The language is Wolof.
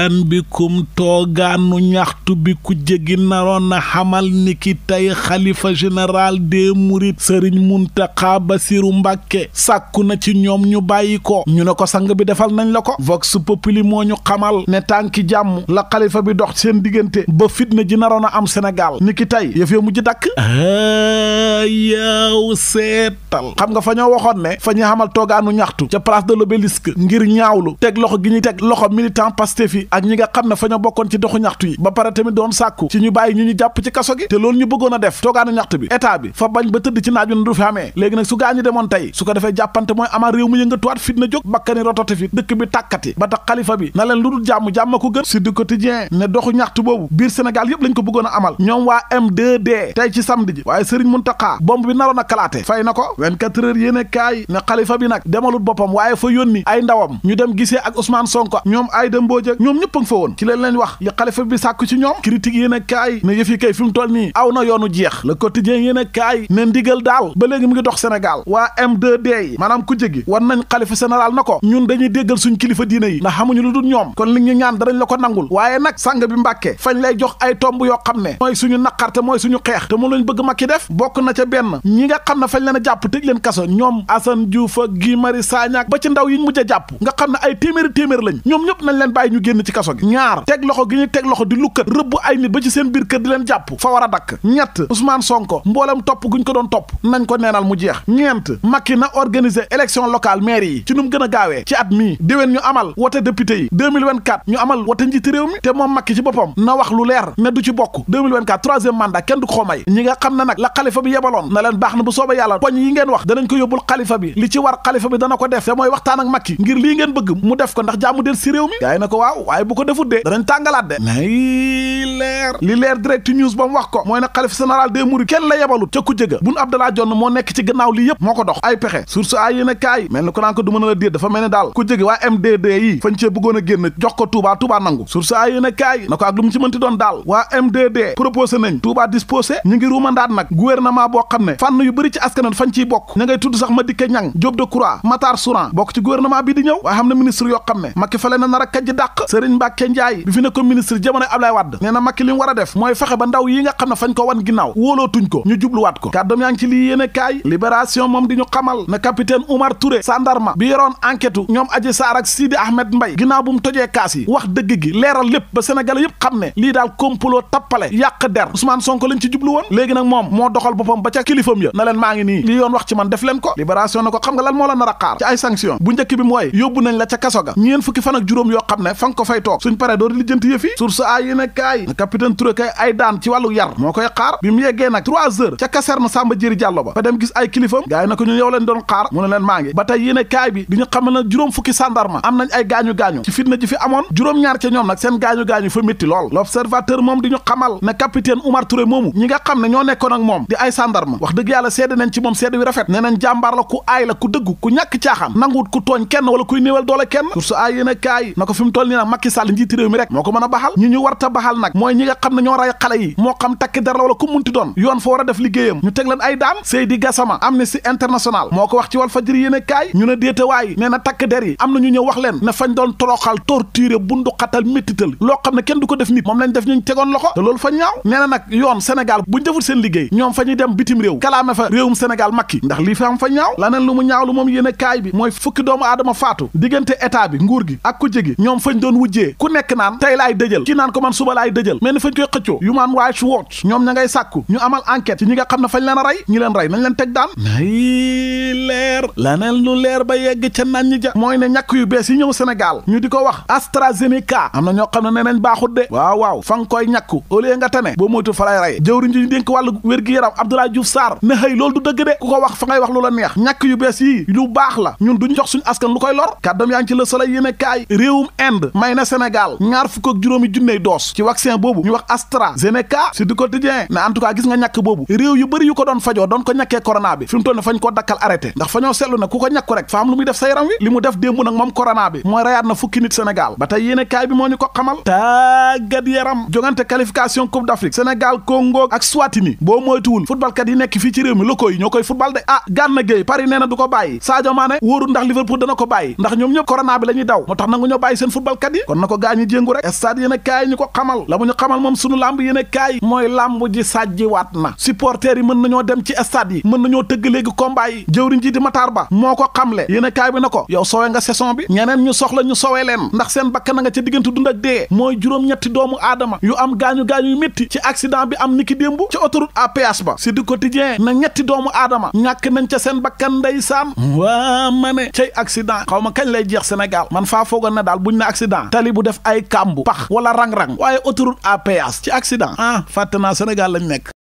waxtaan bi kum toogaanu ñaxtu bi ku jéggi naroon na xamal ni ki tey xalifa général des mourides sëriñ Muntaxa Basiru Mbàkke sàkku na ci ñoom ñu bàyyi ko ñu ne ko sang bi defal nañ la ko vox populi moo ñu xamal ne tànki jàmm la xalifa bi dox seen diggante ba fitna ji naroon a am Sénégal ni ki tey yëf ya mujj dakk ah, yaw seetal xam nga fa ñoo waxoon ne fa ñu xamal toogaanu ñaxtu ca place de l'Obélisque ngir ñaawlu teg loxo gi ñuy teg loxo militant Pastef yi ñi nga xam ne fa ñu bokkoon ci doxu ñaxtu yi ba pare tamit doon sàkku ci ñu bàyyi ñu ñu jàpp ci kaso gi te loolu ñu bëggoon a def toogaanu ñaxtu bi état bi fa bañ ba tëdd ci naaju na du fi amee léegi nag su gaa ñi demoon tey su ko defee jàppante mooy amaa réew mu yëngatuwaat fitna jóg bakkani rotote fi dëkk bi tàkkati ba xalifa bi na leen lu dul jàmm jàmm ko gën Sud Quotidien ne doxu ñaxtu boobu biir Sénégal yépp lañ ko bëggoon a amal ñoom waa M2D a kalaate fay na ndawam ñu dem gisee ak Ousmane Sonko ñoom Aïda Mbodj ñoom ñoom ñëpp a fa woon ci leen leen wax ya xalifa bi sàkku ci ñoom critique yéen kaay ne yëf kay fi nii aw na yoonu jeex le quotidien yéen a kaay ne ndigal daal ba léegi mu ngi dox Sénégal waa M2D maanaam ku jégi war nañ xalifa général na ko ñun dañuy déggal suñu kilifa diine yi ndax xamuñu lu dul ñoom kon li ñu ñaan danañ la ko nangul waaye nag sàng bi mbàkke fañ lay jox ay tomb yoo xam ne mooy suñu naqar te mooy suñu xeex te mu lañ bëgg makki def bokk na ca benn ñi nga xam ne fañ leen a jàpp tëj leen kaso ñoom Assane Diouf ba ci ndaw yiñ mujj a jàpp nga xam ne ay téeméeri téeméer lañ ñoom ñëpp nañ leen bàyyi ñu génn ci kaso gi ñaar teg loxo gi ñu teg loxo di lukkat rëbb ay nit ba ci seen biir di leen jàpp fa war a dakk ñett Ousmane Sonko mboolem topp guñ ko doon topp nañ ko neenal mu jeex ñeent Macky na organiser élection locale maire yi ci nu mu a gaawee ci at mii déwén ñu amal wote député yi ñu amal wote njiiti réew mi te moom Macky ci boppam na wax lu leer ne du ci bokk 2024 troisième kenn du ko may ñi nga xam ne nag la xalifa bi yebaloon na leen waaye bu ko defut de danañ tàngalaat de lay leer li leer direct news ba wax ko mooy ne xalif général des mourides kenn la yebalut ca ku jëga bun Abdallah Jonn moo nekk ci gannaaw li yëpp moo ko dox ay pexe source ay yéen a kaay mel ni ko naan ko du a la déet dafa mel ne a génn jox ko Touba Touba nangu source ay yéen na ko ak lu mu ci mënti doon daal waa MDD proposé nañ Touba disposé ñu ngi ruumandaat nag gouvernement boo xam ne fànn yu bëri ci askan fañ ciy bokk ña ngay tudd sax ma dikke ñang Diop ne a Serigne Mbacke Ndiaye bi fi nekkoon ministre jamono Ablaye Wade nee na Macky war a def mooy fexe ba ndaw yi nga xam ne fañ ko wan ginnaaw wóolootuñ ko ñu jubluwaat ko kàddoom yaa ci lii yéene kaay libération moom di ñu xamal na capitaine Oumar Touré sandarma bi yoroon ñoom Adji Sarr ak Ahmed Mbaye ginnaaw bu mu tojee kaas yi wax dëgg gi leeral lépp ba Sénégalais yépp xam ne lii daal complot tappale yàq der Ousmane Sonko lañ ci jublu léegi ba a xaar ci ay fay toog suñ paree door lijjanti yëf yi source a yéen a kaay capitaine Touré ay daan ci wàllu yar moo koy xaar bi mu yeggee nag trois heures ca caserne Samba Jëri Jàllo ba fa dem gis ay kilifam gars na ko ñun yow doon xaar mu maa ngi ba tey yéen bi di ñu xamal na juróom fukki sandarma am nañ ay gaañu-gaañu ci fitna ji fi amoon juróom-ñaar ca ñoom nag seen gaañu-gaañu fa métti lool l'observateur moom di ñu xamal na ko fi Macky Sall njiiti réew mi rek moo ko mën a baxal ñi ñu warta baxal nag mooy ñi nga xam ne ñoo ray xale yi moo xam takki dara wala ku munti doon yoon fa war a def liggéeyam ñu teg leen ay daan Seydi Gassama Amnesty International moo ko wax ci wal Fadjri yéene kaay ñu ne déetawaay nee na takk der yi am na ñu ñëw wax leen ne fañ doon toroxal torturer bundu xatal méttital loo xam ne kenn du ko def nit moom lañ def ñu tegoon loxo te loolu fa ñaaw n na nag yoon Sénégal seen liggéey ñoom fa ñuy dem bitim réew kalaame fa réewum Sénégal makki ndax lii fa am fa ñaaw laneen lu mu ñaaw lu moom kaay bi mooy fukki doomu aadama faatu diggante état bi nguur gi ak ku jegi ñoom fañ doon wujje dëjee ku nekk naan tey laay dëjal ci naan ko man suba laay dëjal mel fañ koy xëccoo Human Rights Watch ñoom ña sàkku ñu amal enquête ci ñi nga xam ne fañ leen a rey ñi leen rey nañ leen teg daan nay leer laneen lu leer ba yegg ca naan ñi ja mooy ne ñàkk yu bees yi ñëw Sénégal ñu di ko wax AstraZeneca am na ñoo xam ne nee nañ baaxut de waaw waaw fa nga koy ñàkku au lieu nga tane boo moytu fa lay rey jëwriñ ji ñu dénk wàllu wér-gi-yaram Abdoulaye Diouf Sarr ku ko wax fa ngay la neex ñàkk yu bees yi la ñun duñ jox suñu askan lu koy lor kàddam yaa ngi ci Sénégal ñaar fukk ak juróomi junney doos ci vaccin boobu ñu wax AstraZeneca si du quotidien mais en cas gis nga ñàkk boobu réew yu bëri yu ko doon fajoo doon ko ñàkkee corona bi fi mu toll ne fañ koo dakkal arrêté ndax fa ñoo seetlu ku ko ñàkku rek fa am lu muy def sa yaram wi li mu def démb nag moom corona bi mooy rayaat na fukki nit Sénégal ba tey yéene kaay bi moo ñu ko xamal tàggat yaram jongante qualification Coupe d'Afrique Sénégal Congo ak yi nekk fii ci réew mi locaux yi ñoo koy football de ah Gana Gueye na ko bàyyi Sadio Mané wóorul ndax Liverpool dana ko bàyyi ndax ñoom ñëpp corona bi la ñuy daw moo yi kon na ko gaa ñi jéngu rek stade yéen a kaay ñu ko xamal la mu ñu xamal moom sunu làmb yéen a kaay mooy làmb ji sàjji waat na supporters yi mën nañoo dem ci stade yi mën nañoo tëgg léegi combat yi jëwriñ ji di Matar Ba moo ko xamle yéen a kaay bi na ko yow sowe nga saison bi ñeneen ñu soxla ñu sowe leen ndax seen bakkan na nga ca diggante dund ak dee mooy juróom-ñetti doomu aadama yu am gaañu-gaañu yu métti ci accident bi am niki démb ci autoroute à péage ba si du quotidien na ñetti doomu aadama ñàkk nañ ca seen bakkan ndeysaan waa ma ne cay xaw ma kañ lay jeex Sénégal man faa foogoon ne daal buñ na accident tali bu def ay kàmbu pax wala rang-rang waaye autoroute à péage ci accident ah fàtte naa Sénégal lañ nekk